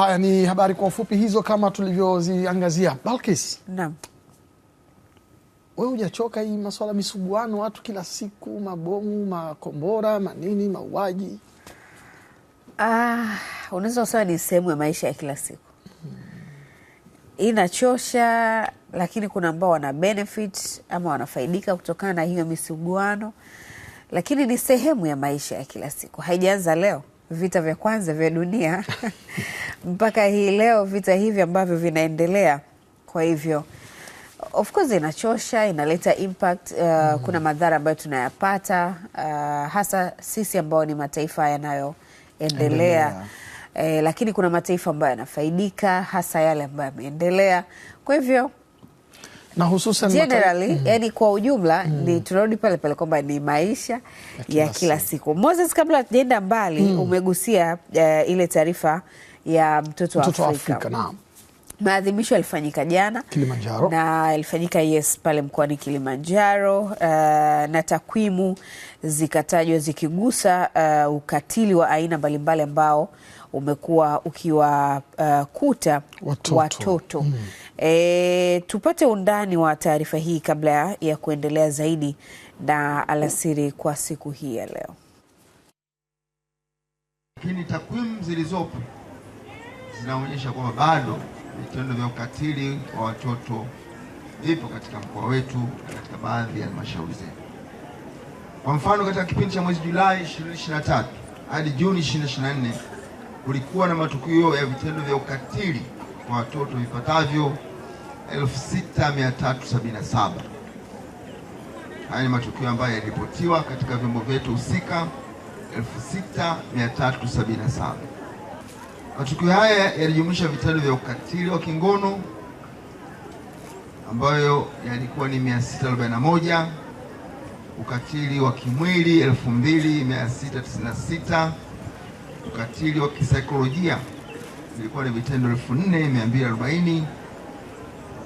Haya ni habari kwa ufupi hizo kama tulivyoziangazia. Balkis, naam, we hujachoka hii maswala misuguano, watu kila siku, mabomu, makombora, manini, mauaji? Ah, unaweza kusema ni sehemu ya maisha ya kila siku hmm. Inachosha, lakini kuna ambao wana benefit ama wanafaidika kutokana na hiyo misuguano, lakini ni sehemu ya maisha ya kila siku, haijaanza leo vita vya kwanza vya dunia mpaka hii leo vita hivi ambavyo vinaendelea. Kwa hivyo of course inachosha, inaleta impact uh, mm -hmm. Kuna madhara ambayo tunayapata uh, hasa sisi ambao ni mataifa yanayoendelea eh, lakini kuna mataifa ambayo yanafaidika hasa yale ambayo yameendelea. Kwa hivyo na hususan generally mm -hmm. Yani mm-hmm. kwa ujumla mm -hmm. ni tunarudi pale pale kwamba ni maisha ya kila, ya kila siku. Moses, kabla hatujaenda mbali mm. umegusia uh, ile taarifa ya mtoto wa Afrika, Afrika naam. Maadhimisho yalifanyika jana Kilimanjaro, na yalifanyika yes pale mkoani Kilimanjaro uh, na takwimu zikatajwa zikigusa uh, ukatili wa aina mbalimbali ambao umekuwa ukiwakuta uh, watoto, watoto. Mm. E, tupate undani wa taarifa hii kabla ya kuendelea zaidi na alasiri kwa siku hii ya leo. Lakini takwimu zilizopo zinaonyesha kwamba bado vitendo vya ukatili wa watoto vipo katika mkoa wetu na katika baadhi ya halmashauri zetu. Kwa mfano, katika kipindi cha mwezi Julai 2023 hadi Juni 2024 kulikuwa na matukio ya vitendo vya ukatili kwa watoto vipatavyo 6377. Haya ni matukio ambayo yaliripotiwa katika vyombo vyetu husika 6377. Matukio haya yalijumuisha vitendo vya ukatili wa kingono ambayo yalikuwa ni 641, ukatili wa kimwili 2696 ukatili wa kisaikolojia ilikuwa ni vitendo elfu nne mia mbili arobaini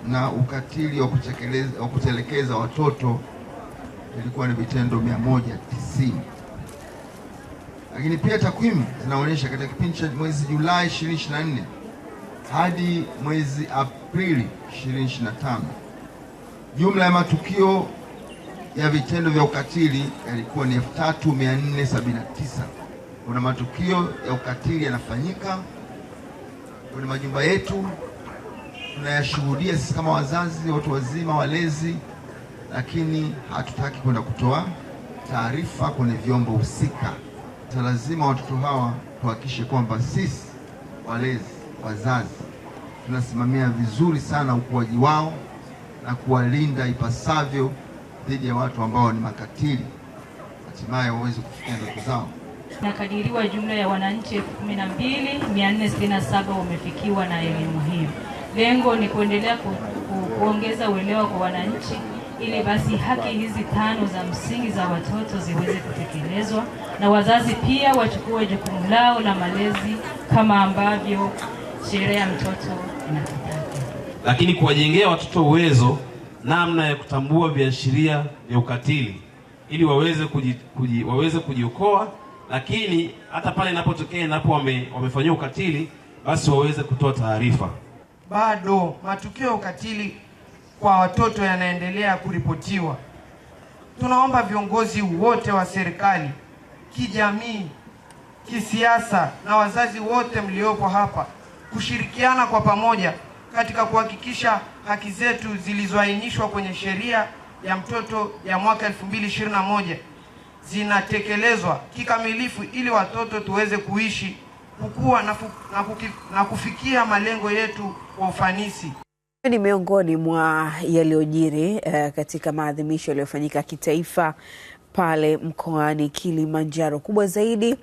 na ukatili wa kutelekeza watoto ilikuwa ni vitendo 190. Lakini pia takwimu zinaonyesha katika kipindi cha mwezi Julai 2024 hadi mwezi Aprili 2025 jumla ya matukio ya vitendo vya ukatili yalikuwa ni 3479 kuna matukio ya ukatili yanafanyika kwenye majumba yetu, tunayashuhudia sisi kama wazazi, watu wazima, walezi, lakini hatutaki kwenda kutoa taarifa kwenye vyombo husika. Lazima watoto hawa tuhakikishe kwamba sisi walezi, wazazi, tunasimamia vizuri sana ukuaji wao na kuwalinda ipasavyo dhidi ya watu ambao ni makatili, hatimaye waweze kufikia ndoto zao. Nakadiriwa jumla ya wananchi 12467 wamefikiwa na elimu hiyo. Lengo ni kuendelea ku, ku, kuongeza uelewa kwa wananchi ili basi haki hizi tano za msingi za watoto ziweze kutekelezwa na wazazi pia wachukue jukumu lao la malezi kama ambavyo sheria ya mtoto inataka, lakini kuwajengea watoto uwezo namna ya kutambua viashiria vya ukatili ili waweze kuji, kuji, waweze kujiokoa lakini hata pale inapotokea inapo wame, ukatili basi waweze kutoa taarifa. Bado matukio ya ukatili kwa watoto yanaendelea kuripotiwa. Tunaomba viongozi wote wa serikali, kijamii, kisiasa na wazazi wote mliopo hapa kushirikiana kwa pamoja katika kuhakikisha haki zetu zilizoainishwa kwenye sheria ya mtoto ya mwaka 2021 zinatekelezwa kikamilifu ili watoto tuweze kuishi, kukua na, na, na kufikia malengo yetu kwa ufanisi. Ni miongoni mwa yaliyojiri uh, katika maadhimisho yaliyofanyika kitaifa pale mkoani Kilimanjaro. Kubwa zaidi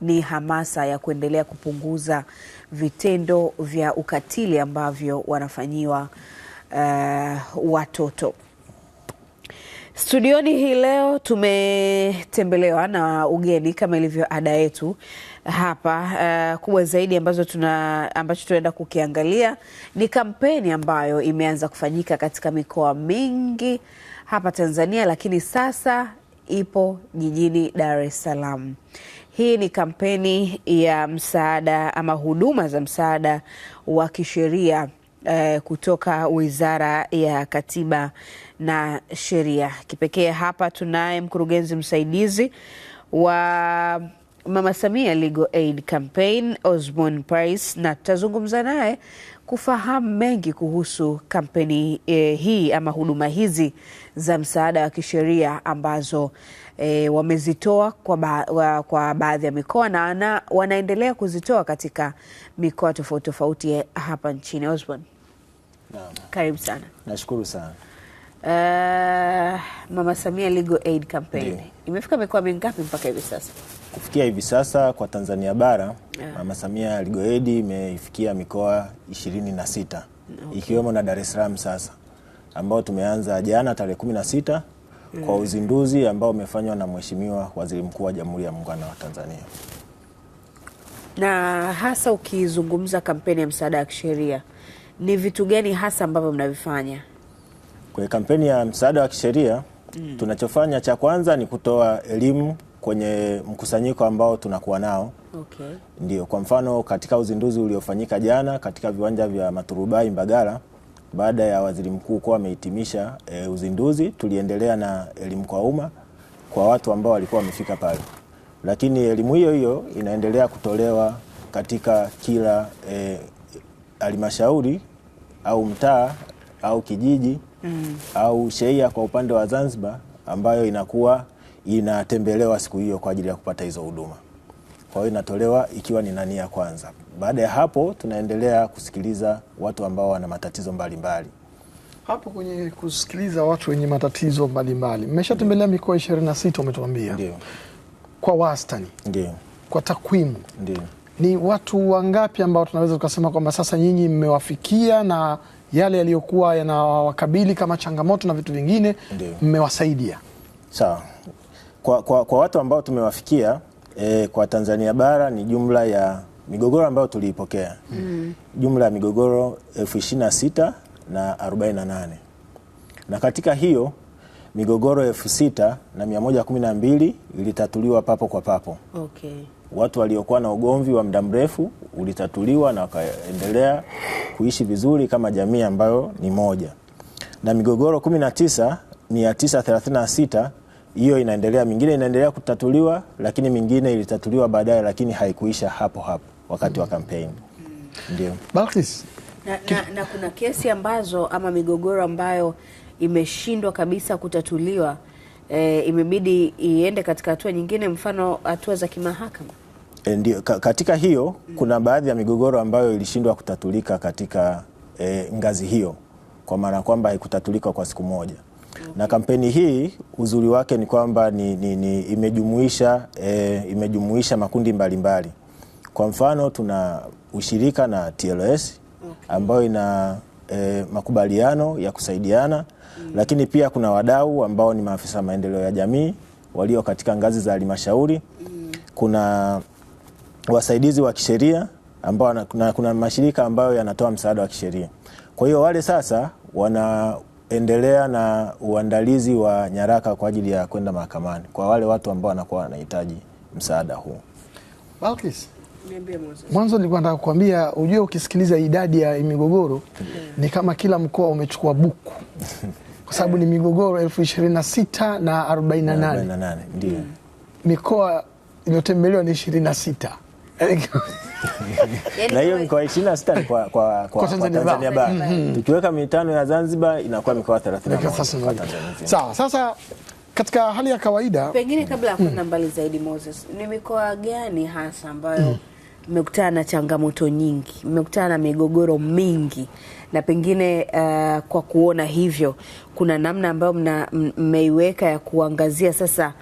ni hamasa ya kuendelea kupunguza vitendo vya ukatili ambavyo wanafanyiwa uh, watoto. Studioni hii leo tumetembelewa na ugeni kama ilivyo ada yetu hapa. Uh, kubwa zaidi ambazo tuna ambacho tunaenda kukiangalia ni kampeni ambayo imeanza kufanyika katika mikoa mingi hapa Tanzania, lakini sasa ipo jijini Dar es Salaam. Hii ni kampeni ya msaada ama huduma za msaada wa kisheria uh, kutoka Wizara ya Katiba na sheria. Kipekee hapa tunaye mkurugenzi msaidizi wa Mama Samia Legal Aid Campaign Osborn Price, na tutazungumza naye kufahamu mengi kuhusu kampeni eh, hii ama huduma hizi za msaada wa kisheria ambazo E, wamezitoa kwa, ba, wa, kwa baadhi ya mikoa na wana, wanaendelea kuzitoa katika mikoa tofauti tofauti hapa nchini. Osborn, karibu sana. Nashukuru sana. Eh, Mama Samia Legal Aid Campaign imefika mikoa mingapi mpaka hivi sasa? Kufikia hivi sasa kwa Tanzania bara yeah. Mama Samia Legal Aid imefikia mikoa ishirini na sita okay. ikiwemo na Dar es Salaam sasa ambao tumeanza jana tarehe kumi na sita mm. kwa uzinduzi ambao umefanywa na Mheshimiwa Waziri Mkuu wa Jamhuri ya Muungano wa Tanzania. Na hasa ukizungumza kampeni ya msaada wa kisheria, ni vitu gani hasa ambavyo mnavifanya? Kwenye kampeni ya msaada wa kisheria mm. tunachofanya cha kwanza ni kutoa elimu kwenye mkusanyiko ambao tunakuwa nao okay. Ndio, kwa mfano katika uzinduzi uliofanyika jana katika viwanja vya Maturubai Mbagala, baada ya waziri mkuu kuwa amehitimisha e, uzinduzi, tuliendelea na elimu kwa umma kwa watu ambao walikuwa wamefika pale, lakini elimu hiyo hiyo inaendelea kutolewa katika kila e, halmashauri e, au mtaa au kijiji mm. au Sheia kwa upande wa Zanzibar ambayo inakuwa inatembelewa siku hiyo kwa ajili ya kupata hizo huduma. Kwa hiyo inatolewa ikiwa ni nani ya kwanza. Baada ya hapo, tunaendelea kusikiliza watu ambao wana matatizo mbalimbali mbali. Hapo kwenye kusikiliza watu wenye matatizo mbalimbali mmeshatembelea mikoa 26 umetuambia. Ndio. Kwa wastani. Ndio. Kwa takwimu. Ndio. Ni watu wangapi ambao tunaweza tukasema kwamba sasa nyinyi mmewafikia na yale yaliyokuwa yanawakabili kama changamoto na vitu vingine mmewasaidia? Sawa. Kwa, kwa, kwa watu ambao tumewafikia e, kwa Tanzania bara ni jumla ya migogoro ambayo tuliipokea mm. jumla ya migogoro 26 na 48 na katika hiyo migogoro elfu na 112 ilitatuliwa papo kwa papo. Okay watu waliokuwa na ugomvi wa muda mrefu ulitatuliwa na wakaendelea kuishi vizuri kama jamii ambayo ni moja, na migogoro 19 936 hiyo inaendelea, mingine inaendelea kutatuliwa, lakini mingine ilitatuliwa baadaye, lakini haikuisha hapo hapo wakati wa kampeni. Ndio na, na, na kuna kesi ambazo ama migogoro ambayo imeshindwa kabisa kutatuliwa, e, imebidi iende katika hatua nyingine, mfano hatua za kimahakama. Eh, ndio, katika hiyo kuna baadhi ya migogoro ambayo ilishindwa kutatulika katika e, ngazi hiyo, kwa maana kwamba haikutatulika kwa siku moja okay. Mm-hmm. Na kampeni hii uzuri wake ni kwamba ni, ni, ni imejumuisha e, imejumuisha makundi mbalimbali mbali. Kwa mfano tuna ushirika na TLS ambayo ina e, makubaliano ya kusaidiana mm. Lakini pia kuna wadau ambao ni maafisa maendeleo ya jamii walio katika ngazi za halmashauri mm. kuna wasaidizi wa kisheria ambao kuna, kuna mashirika ambayo yanatoa msaada wa kisheria. Kwa hiyo wale sasa wanaendelea na uandalizi wa nyaraka kwa ajili ya kwenda mahakamani kwa wale watu ambao wanakuwa wanahitaji msaada huu. Balkis, mwanzo nilikuwa nataka kukwambia, ujue ukisikiliza idadi ya migogoro mm. ni kama kila mkoa umechukua buku kwa sababu ni migogoro elfu ishirini na sita na arobaini na nane. Ndio. Mikoa iliyotembelewa ni ishirini na sita. Yaani na hiyo mikoa ishirini na sita ni kwa, kwa, kwa, kwa Tanzania bara mm -hmm. Tukiweka mitano ya Zanzibar inakuwa mikoa thelathini sawa. Sasa katika hali ya kawaida, pengine mm. kabla ya kwenda mm. mbali zaidi, Moses, ni mikoa gani hasa ambayo mm. mmekutana na changamoto nyingi, mmekutana na migogoro mingi, na pengine uh, kwa kuona hivyo kuna namna ambayo mmeiweka ya kuangazia sasa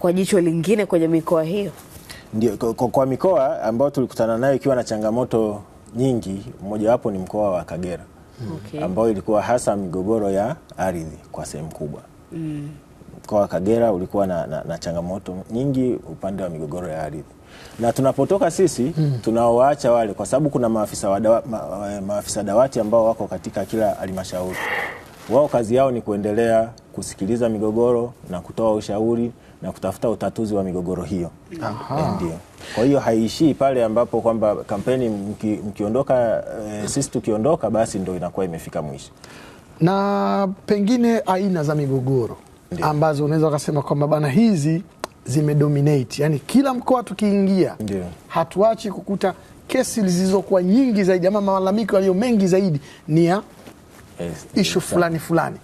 kwa jicho lingine kwenye mikoa hiyo? ndio kwa, kwa mikoa ambayo tulikutana nayo ikiwa na changamoto nyingi, mmojawapo ni mkoa wa Kagera mm. okay. ambao ilikuwa hasa migogoro ya ardhi kwa sehemu kubwa mm. Mkoa wa Kagera ulikuwa na, na, na changamoto nyingi upande wa migogoro ya ardhi, na tunapotoka sisi mm. tunaowaacha wale, kwa sababu kuna maafisa, wadawa, ma, maafisa dawati ambao wako katika kila halmashauri, wao kazi yao ni kuendelea kusikiliza migogoro na kutoa ushauri na kutafuta utatuzi wa migogoro hiyo. Eh, ndio. Kwa hiyo haiishii pale ambapo kwamba kampeni mki, mkiondoka e, sisi tukiondoka basi ndio inakuwa imefika mwisho. Na pengine aina za migogoro Ndiyo. ambazo unaweza ukasema kwamba bana hizi zimedominate, yani kila mkoa tukiingia hatuachi kukuta kesi zilizokuwa nyingi zaidi ama malalamiko yaliyo mengi zaidi ni ya yes, eh, ishu fulani fulani.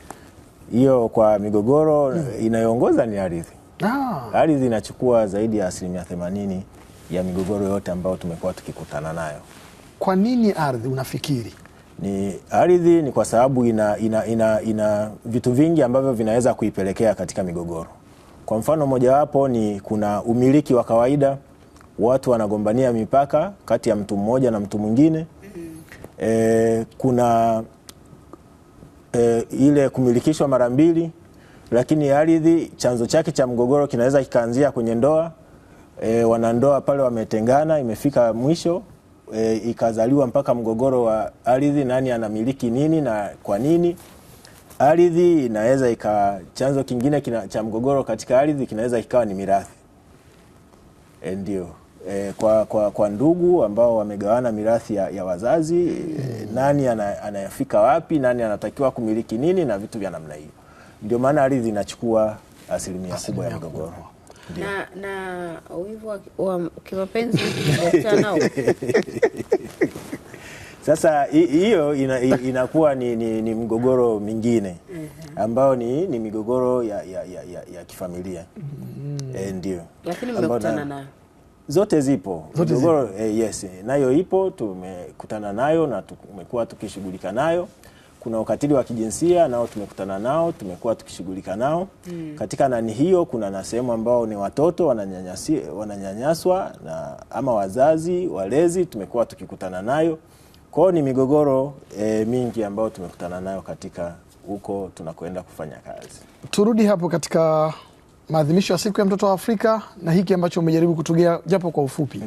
Hiyo kwa migogoro mm. inayoongoza ni ardhi ah. Ardhi inachukua zaidi ya asilimia themanini ya migogoro yote ambayo tumekuwa tukikutana nayo. Kwa nini ardhi unafikiri? Ni ardhi ni kwa sababu ina, ina, ina, ina vitu vingi ambavyo vinaweza kuipelekea katika migogoro. Kwa mfano mojawapo ni kuna umiliki wa kawaida, watu wanagombania mipaka kati ya mtu mmoja na mtu mwingine. E, kuna e, ile kumilikishwa mara mbili lakini ardhi chanzo chake cha mgogoro kinaweza kikaanzia kwenye ndoa e, wanandoa pale wametengana, imefika mwisho e, ikazaliwa mpaka mgogoro wa ardhi, nani anamiliki nini na kwa nini. Ardhi inaweza ika chanzo kingine kina, cha mgogoro katika ardhi kinaweza kikawa ni mirathi e, ndio e, kwa, kwa, kwa ndugu ambao wamegawana mirathi ya, ya wazazi e, nani anayafika wapi, nani anatakiwa kumiliki nini na vitu vya namna hiyo ndio maana ardhi inachukua asilimia kubwa ya migogoro na, na wivu wa kimapenzi Sasa hiyo inakuwa ina ni, ni, ni mgogoro mingine mhm. ambayo ni, ni migogoro ya, ya, ya, ya kifamilia mm. E, ndio lakini mmekutana nayo zote zipo migogoro eh, yes nayo ipo, tumekutana nayo na tumekuwa tukishughulika nayo kuna ukatili wa kijinsia nao tumekutana nao, tumekuwa tukishughulika nao mm. Katika nani hiyo, kuna na sehemu ambao ni watoto wananyanyaswa na ama wazazi walezi, tumekuwa tukikutana nayo kwao. Ni migogoro e, mingi ambayo tumekutana nayo katika huko tunakwenda kufanya kazi. Turudi hapo katika maadhimisho ya siku ya mtoto wa Afrika na hiki ambacho umejaribu kutugea japo kwa ufupi,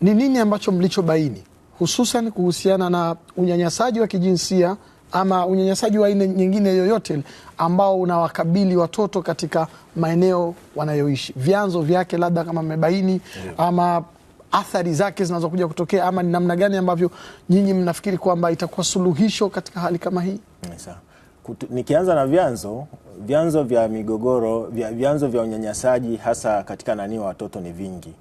ni nini ambacho mlichobaini hususan kuhusiana na unyanyasaji wa kijinsia ama unyanyasaji wa aina nyingine yoyote ambao unawakabili watoto katika maeneo wanayoishi, vyanzo vyake labda kama mmebaini, ama athari zake zinazokuja kutokea, ama ni namna gani ambavyo nyinyi mnafikiri kwamba itakuwa suluhisho katika hali kama hii? Mm, nikianza na vyanzo vyanzo vya migogoro vya, vyanzo vya unyanyasaji hasa katika nani wa watoto ni vingi,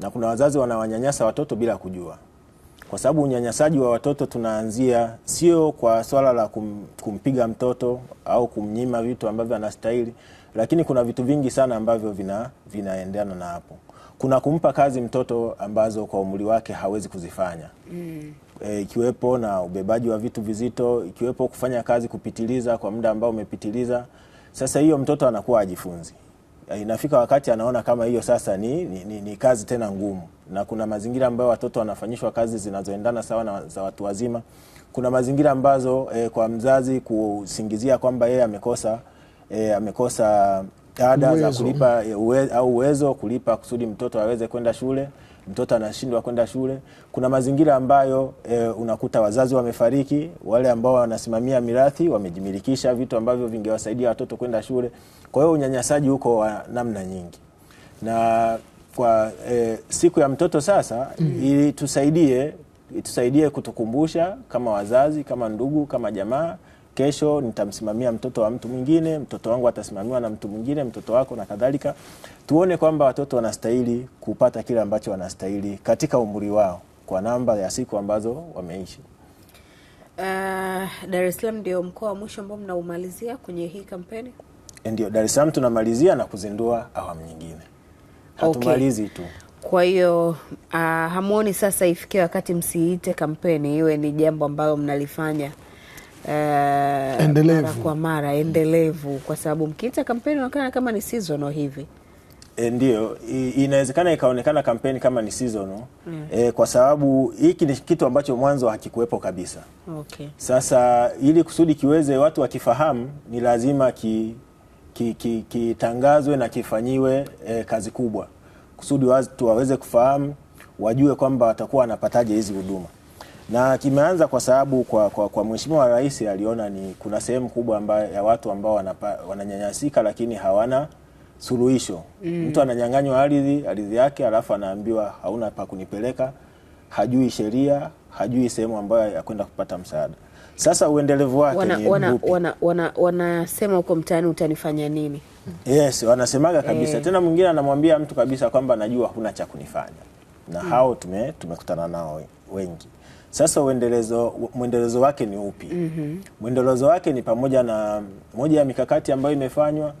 na kuna wazazi wanawanyanyasa watoto bila kujua kwa sababu unyanyasaji wa watoto tunaanzia sio kwa swala la kum, kumpiga mtoto au kumnyima vitu ambavyo anastahili, lakini kuna vitu vingi sana ambavyo vina vinaendana na hapo. Kuna kumpa kazi mtoto ambazo kwa umri wake hawezi kuzifanya mm. E, ikiwepo na ubebaji wa vitu vizito, ikiwepo kufanya kazi kupitiliza kwa muda ambao umepitiliza. Sasa hiyo mtoto anakuwa ajifunzi, eh, inafika wakati anaona kama hiyo sasa ni, ni, ni, ni kazi tena ngumu na kuna mazingira ambayo watoto wanafanyishwa kazi zinazoendana sawa na za watu wazima. Kuna mazingira ambazo e, kwa mzazi kusingizia kwamba yeye amekosa e, amekosa ada za kulipa e, uwe, au uwezo kulipa kusudi mtoto aweze kwenda shule, mtoto anashindwa kwenda shule. Kuna mazingira ambayo e, unakuta wazazi wamefariki, wale ambao wanasimamia mirathi wamejimilikisha vitu ambavyo vingewasaidia watoto kwenda shule. Kwa hiyo unyanyasaji huko wa namna nyingi na kwa eh, siku ya mtoto sasa mm. ili tusaidie itusaidie kutukumbusha kama wazazi, kama ndugu, kama jamaa kesho nitamsimamia mtoto wa mtu mwingine, mtoto wangu atasimamiwa na mtu mwingine, mtoto wako na kadhalika. Tuone kwamba watoto wanastahili kupata kile ambacho wanastahili katika umri wao kwa namba ya siku ambazo wameishi. Uh, Dar es Salaam ndio mkoa wa mwisho ambao mnaumalizia kwenye hii kampeni? Eh, ndio, Dar es Salaam tunamalizia na kuzindua awamu nyingine hatumalizi okay. tu kwa hiyo uh, ah, hamwoni sasa ifikie wakati msiite kampeni iwe ni jambo ambalo mnalifanya uh, mara kwa mara endelevu, kwa sababu mkiita kampeni inaonekana kama ni seasonal hivi. E, ndiyo inawezekana ikaonekana kampeni kama ni seasonal mm. E, kwa sababu hiki ni kitu ambacho mwanzo hakikuwepo kabisa okay. Sasa ili kusudi kiweze watu wakifahamu, ni lazima ki kitangazwe ki, ki na kifanyiwe e, kazi kubwa kusudi watu waweze kufahamu, wajue kwamba watakuwa wanapataje hizi huduma. Na kimeanza kwa sababu kwa, kwa, kwa Mheshimiwa Rais aliona ni kuna sehemu kubwa amba, ya watu ambao wananyanyasika lakini hawana suluhisho mm. Mtu ananyang'anywa ardhi ardhi yake alafu anaambiwa hauna pa kunipeleka, hajui sheria, hajui sehemu ambayo ya kwenda kupata msaada. Sasa uendelevu wake wanasema wana, wana, wana, wana huko mtaani utanifanya nini? Yes, wanasemaga kabisa e. Tena mwingine anamwambia mtu kabisa kwamba najua huna cha kunifanya na mm. Hao tume tumekutana nao wengi. Sasa uendelezo mwendelezo wake ni upi? Mhm. Mwendelezo mm -hmm. wake ni pamoja na moja ya mikakati ambayo imefanywa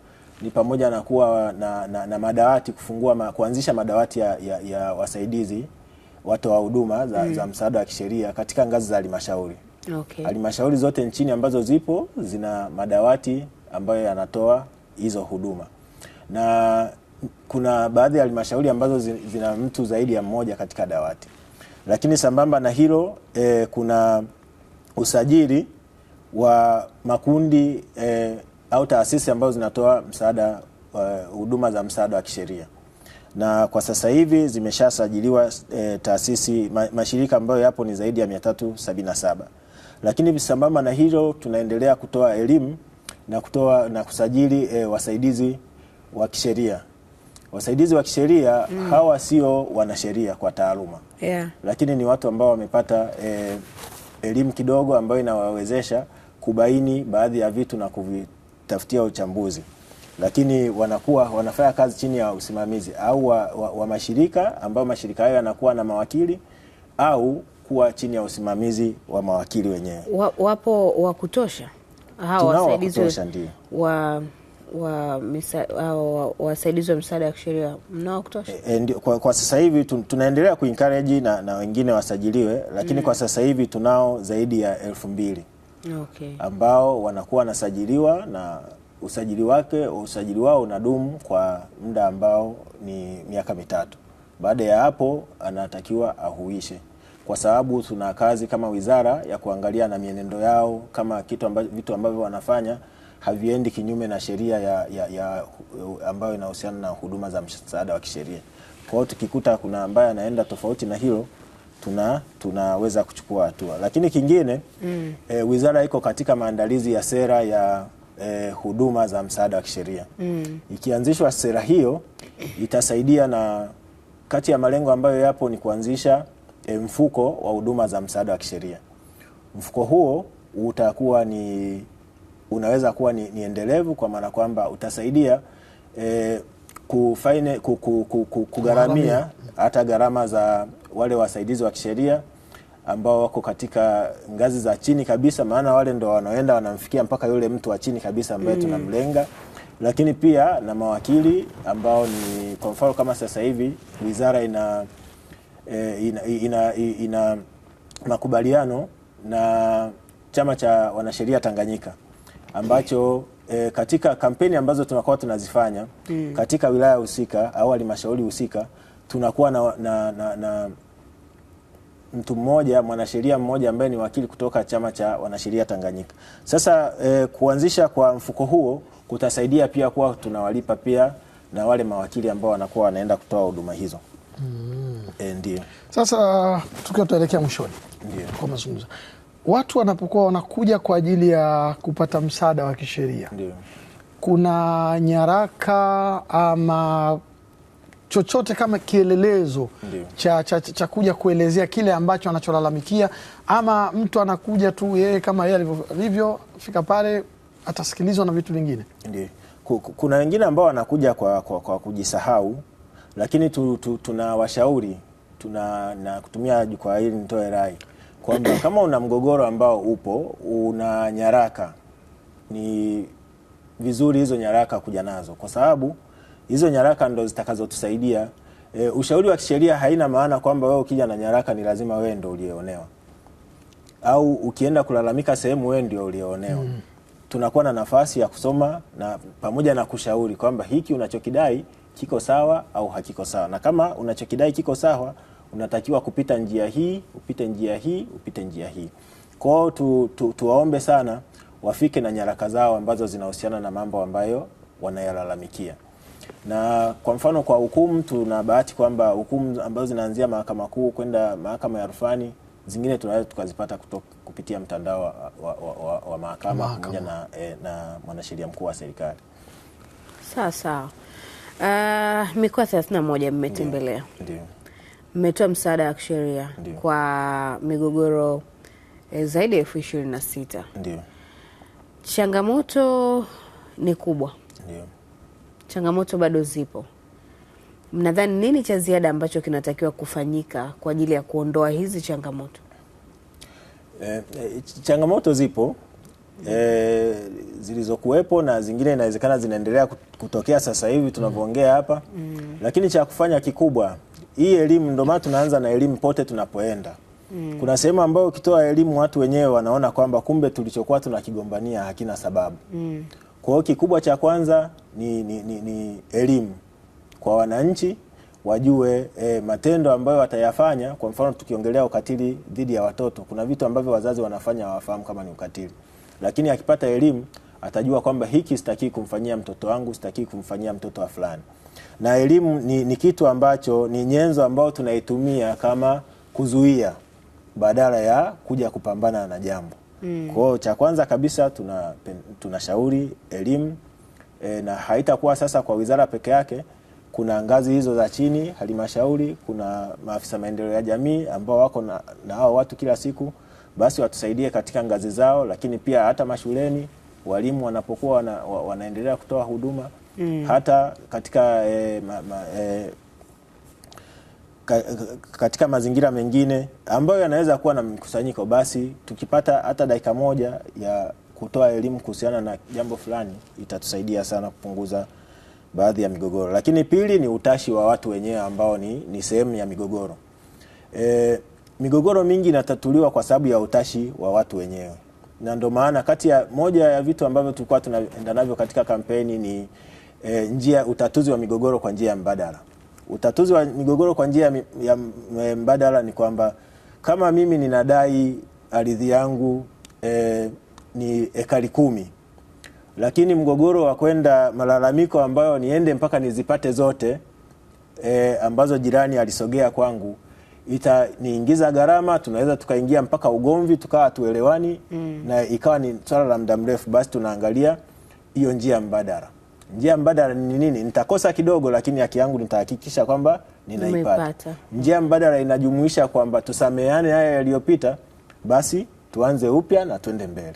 ni pamoja na kuwa na, na, na madawati kufungua ma, kuanzisha madawati ya, ya, ya wasaidizi watoa wa huduma za, mm. za msaada wa kisheria katika ngazi za halmashauri halmashauri zote nchini ambazo zipo zina madawati ambayo yanatoa hizo huduma na kuna baadhi ya halmashauri ambazo zina mtu zaidi ya mmoja katika dawati. Lakini sambamba na hilo e, kuna usajili wa makundi e, au taasisi ambazo zinatoa msaada eh, huduma za msaada wa kisheria, na kwa sasa hivi zimeshasajiliwa e, taasisi ma, mashirika ambayo yapo ni zaidi ya 377. Lakini sambamba na hilo, tunaendelea kutoa elimu na kutoa na kusajili e, wasaidizi wa kisheria. Wasaidizi wa kisheria mm. hawa sio wanasheria kwa taaluma yeah. Lakini ni watu ambao wamepata e, elimu kidogo ambayo inawawezesha kubaini baadhi ya vitu na kuvitafutia uchambuzi lakini wanakuwa wanafanya kazi chini ya usimamizi au wa, wa, wa mashirika ambayo mashirika hayo yanakuwa na mawakili au kuwa chini ya usimamizi wa mawakili wenyewe. Wa, wapo wa kutosha wa wa wasaidizi wa msaada wa kisheria mnao kutosha? E, e kwa, kwa sasa hivi tunaendelea kuencourage na, na wengine wasajiliwe, lakini mm. kwa sasa hivi tunao zaidi ya elfu mbili okay. ambao wanakuwa wanasajiliwa na usajili wake usajili wao unadumu kwa muda ambao ni miaka mitatu. Baada ya hapo anatakiwa ahuishe kwa sababu tuna kazi kama wizara ya kuangalia na mienendo yao kama kitu amba, vitu ambavyo wanafanya haviendi kinyume na sheria ya, ya, ya ambayo inahusiana na huduma za msaada wa kisheria. Kwa hiyo tukikuta kuna ambaye anaenda tofauti na hilo tuna tunaweza kuchukua hatua. Lakini kingine mm. E, wizara iko katika maandalizi ya sera ya e, huduma za msaada wa kisheria mm. Ikianzishwa sera hiyo itasaidia na kati ya malengo ambayo yapo ni kuanzisha e, mfuko wa huduma za msaada wa kisheria. Mfuko huo utakuwa ni unaweza kuwa ni, ni endelevu kwa maana kwamba utasaidia e, kufaine, kugharamia hata gharama za wale wasaidizi wa kisheria ambao wako katika ngazi za chini kabisa, maana wale ndo wanaenda wanamfikia mpaka yule mtu wa chini kabisa ambaye mm. tunamlenga, lakini pia na mawakili ambao ni kwa mfano kama sasa hivi wizara ina eh, ina, ina, ina makubaliano na chama cha wanasheria Tanganyika ambacho eh, katika kampeni ambazo tunakuwa tunazifanya mm. katika wilaya husika au halmashauri husika tunakuwa na, na, na, na mtu mmoja mwanasheria mmoja ambaye ni wakili kutoka chama cha wanasheria Tanganyika. Sasa eh, kuanzisha kwa mfuko huo kutasaidia pia kuwa tunawalipa pia na wale mawakili ambao wanakuwa wanaenda kutoa huduma hizo mm. E, ndio sasa tukiwa tunaelekea mwishoni kwa mazungumzo, watu wanapokuwa wanakuja kwa ajili ya kupata msaada wa kisheria, kuna nyaraka ama chochote kama kielelezo cha, cha, cha kuja kuelezea kile ambacho anacholalamikia, ama mtu anakuja tu yeye kama yeye alivyo fika pale atasikilizwa na vitu vingine? Ndio, kuna wengine ambao wanakuja kwa, kwa, kwa kujisahau lakini tu, tu, washauri tuna, na kutumia jukwaa hili nitoe rai kwamba kama una mgogoro ambao upo una nyaraka, ni vizuri hizo nyaraka kuja nazo, kwa sababu hizo nyaraka ndo zitakazotusaidia. E, ushauri wa kisheria haina maana kwamba wewe ukija na nyaraka ni lazima wewe ndo ulieonewa au ukienda kulalamika sehemu wewe ndio ulieonewa. Mm. Tunakuwa na nafasi ya kusoma na pamoja na kushauri kwamba hiki unachokidai kiko sawa au hakiko sawa, na kama unachokidai kiko sawa, unatakiwa kupita njia hii, upite njia hii, upite njia hii. Kwao tu, tu, tuwaombe sana wafike na nyaraka zao ambazo zinahusiana na mambo ambayo wanayalalamikia. Na kwa mfano kwa hukumu, tuna bahati kwamba hukumu ambazo zinaanzia mahakama kuu kwenda mahakama ya rufani zingine tunaweza tukazipata kupitia mtandao wa, wa, wa, wa mahakama pamoja na, e, na mwanasheria mkuu wa serikali. Sawa sawa. Eh, thelathini mikoa 31 mmetembelea, mmetoa msaada wa kisheria kwa migogoro e, zaidi ya elfu ishirini na sita. Changamoto ni kubwa. Ndiyo. Changamoto bado zipo. Mnadhani nini cha ziada ambacho kinatakiwa kufanyika kwa ajili ya kuondoa hizi changamoto? E, e, changamoto zipo e, zilizokuwepo na zingine inawezekana zinaendelea kutokea sasa hivi tunavyoongea hapa mm. Lakini cha kufanya kikubwa, hii elimu ndio maana tunaanza na elimu pote tunapoenda mm. Kuna sehemu ambayo ukitoa elimu watu wenyewe wanaona kwamba kumbe tulichokuwa tunakigombania hakina sababu mm. Kwa hiyo kikubwa cha kwanza ni, ni, ni, ni elimu kwa wananchi wajue e, matendo ambayo watayafanya. Kwa mfano tukiongelea ukatili dhidi ya watoto, kuna vitu ambavyo wazazi wanafanya hawafahamu kama ni ukatili. mm lakini akipata elimu atajua kwamba hiki sitakii kumfanyia mtoto wangu, sitakii kumfanyia mtoto wa fulani. Na elimu ni, ni kitu ambacho ni nyenzo ambayo tunaitumia kama kuzuia badala ya kuja kupambana na jambo mm. kwao cha kwanza kabisa tunashauri tuna elimu e, na haitakuwa sasa kwa wizara peke yake. Kuna ngazi hizo za chini halimashauri kuna maafisa maendeleo ya jamii ambao wako na hao watu kila siku basi watusaidie katika ngazi zao, lakini pia hata mashuleni walimu wanapokuwa wana, wanaendelea kutoa huduma mm. hata katika e, ma, ma, e, katika mazingira mengine ambayo yanaweza kuwa na mkusanyiko, basi tukipata hata dakika moja ya kutoa elimu kuhusiana na jambo fulani itatusaidia sana kupunguza baadhi ya migogoro. Lakini pili ni utashi wa watu wenyewe ambao ni, ni sehemu ya migogoro e, migogoro mingi inatatuliwa kwa sababu ya utashi wa watu wenyewe, na ndio maana kati ya moja ya vitu ambavyo tulikuwa tunaenda navyo katika kampeni ni e, njia utatuzi wa migogoro kwa njia ya mbadala. Utatuzi wa migogoro kwa njia ya mbadala ni kwamba kama mimi ninadai ardhi yangu e, ni ekari kumi, lakini mgogoro wa kwenda malalamiko ambayo niende mpaka nizipate zote e, ambazo jirani alisogea kwangu itaniingiza gharama, tunaweza tukaingia mpaka ugomvi, tukawa tuelewani mm. na ikawa ni swala la muda mrefu, basi tunaangalia hiyo njia mbadala. Njia mbadala ni nini? Nitakosa kidogo, lakini haki yangu nitahakikisha kwamba ninaipata. Njia mbadala inajumuisha kwamba tusameane haya yaliyopita, basi tuanze upya na twende mbele.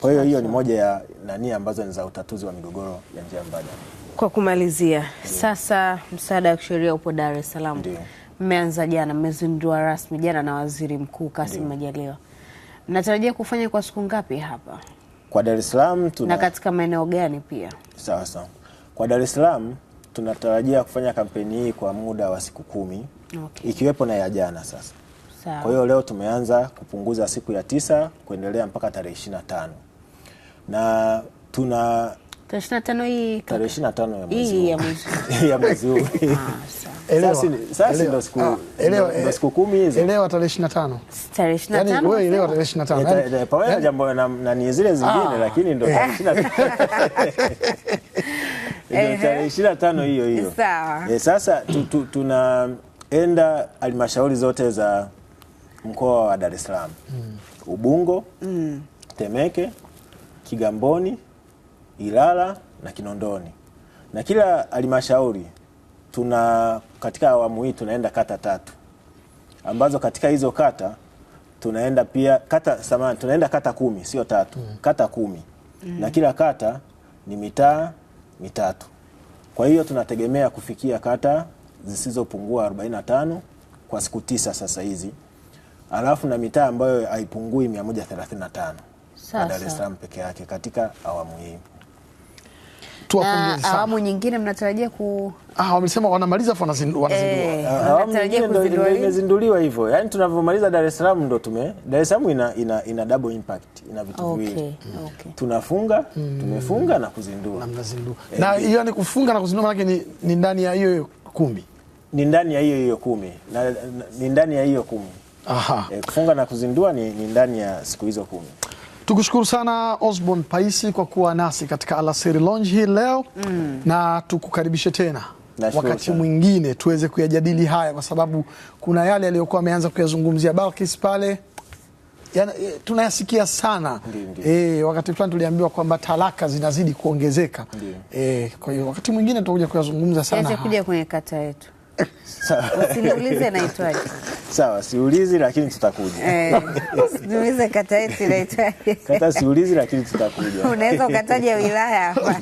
Kwa hiyo hiyo ni moja ya nani ambazo ni za utatuzi wa migogoro ya njia mbadala. Kwa kumalizia, sasa msaada wa kisheria upo Dar es Salaam mmeanza jana, mmezindua rasmi jana na Waziri Mkuu Kassim yeah. Majaliwa, mnatarajia kufanya kwa siku ngapi hapa kwa Dar es Salaam tuna... na katika maeneo gani pia? Sawa sawa, kwa Dar es Salaam tunatarajia kufanya kampeni hii kwa muda wa siku kumi okay. ikiwepo na ya jana sasa Kwa hiyo leo tumeanza kupunguza siku ya tisa kuendelea mpaka tarehe ishirini na tano na tuna tarehe ishirini na tano ya mwezi huu ah, Elewa siku kumi hizo, elewa tarehe ishirini elewa tarehe ishirini na tano yaani yaani- pamoja yaani- jambo na ni zile zingine, ah. lakini ndo eh. tarehe ishirini na tano hiyo hiyo. Eh, sasa tunaenda halmashauri zote za mkoa wa Dar es Salaam, hmm. Ubungo, hmm. Temeke, Kigamboni, Ilala na Kinondoni, na kila halmashauri tuna katika awamu hii tunaenda kata tatu ambazo katika hizo kata tunaenda pia kata samani, tunaenda kata kumi, sio tatu, mm. kata kumi mm. na kila kata ni mitaa mitatu. Kwa hiyo tunategemea kufikia kata zisizopungua 45 kwa siku tisa sasa hizi, alafu na mitaa ambayo haipungui 135 Dar es Salaam peke yake katika awamu hii na awamu nyingine mnatarajia ku Ah, wamesema wanamaliza afu eh, wanazindua. Eh, wanatarajia ah, imezinduliwa hivyo. Yaani tunavyomaliza Dar es Salaam ndo tume Dar es Salaam ina, ina, ina double impact, ina vitu Okay, viwili okay. Tunafunga, mm. tumefunga na kuzindua. Na mnazindua. Eh, na hiyo ni kufunga na kuzindua maana ni, ni ndani ya hiyo kumi. Ni ndani ya hiyo hiyo kumi. Na, na, ni ndani ya hiyo kumi. Aha. Eh, kufunga na kuzindua ni, ni ndani ya siku hizo kumi. Tukushukuru sana Osborn Paisi kwa kuwa nasi katika Alasiri Lounge hii leo mm. na tukukaribishe tena wakati mwingine tuweze kuyajadili haya, kwa sababu kuna yale aliyokuwa ameanza kuyazungumzia Balkis pale ya, e, tunayasikia sana e, wakati fulani tuliambiwa kwamba talaka zinazidi kuongezeka e, kwa hiyo wakati mwingine tutakuja kuyazungumza sana kuja kwenye kata yetu. Usiniulize naitwaje. Sawa, siulizi lakini tutakuja. Eh, usiniulize kata yetu inaitwaje. siulizi lakini tutakuja. Unaweza ukataja wilaya hapa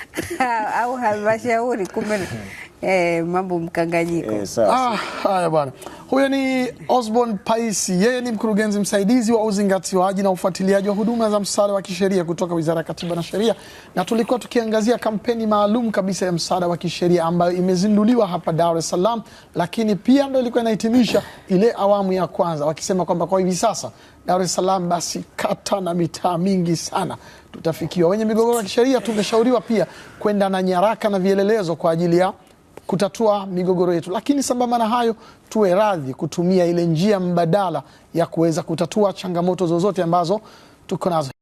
au halmashauri kumbe eh, mambo mkanganyiko. Eh, ah, haya bwana. Huyo ni Osborne Paisi, yeye ni mkurugenzi msaidizi wa uzingatiwaji na ufuatiliaji wa huduma za msaada wa kisheria kutoka Wizara ya Katiba na Sheria, na tulikuwa tukiangazia kampeni maalum kabisa ya msaada wa kisheria ambayo imezinduliwa hapa Dar es Salaam, lakini pia ndo ilikuwa inahitimisha ile awamu ya kwanza, wakisema kwamba kwa hivi sasa Dar es Salaam basi kata na mitaa mingi sana tutafikiwa. Wenye migogoro ya kisheria tumeshauriwa pia kwenda na nyaraka na vielelezo kwa ajili ya kutatua migogoro yetu, lakini sambamba na hayo tuwe radhi kutumia ile njia mbadala ya kuweza kutatua changamoto zozote ambazo tuko nazo.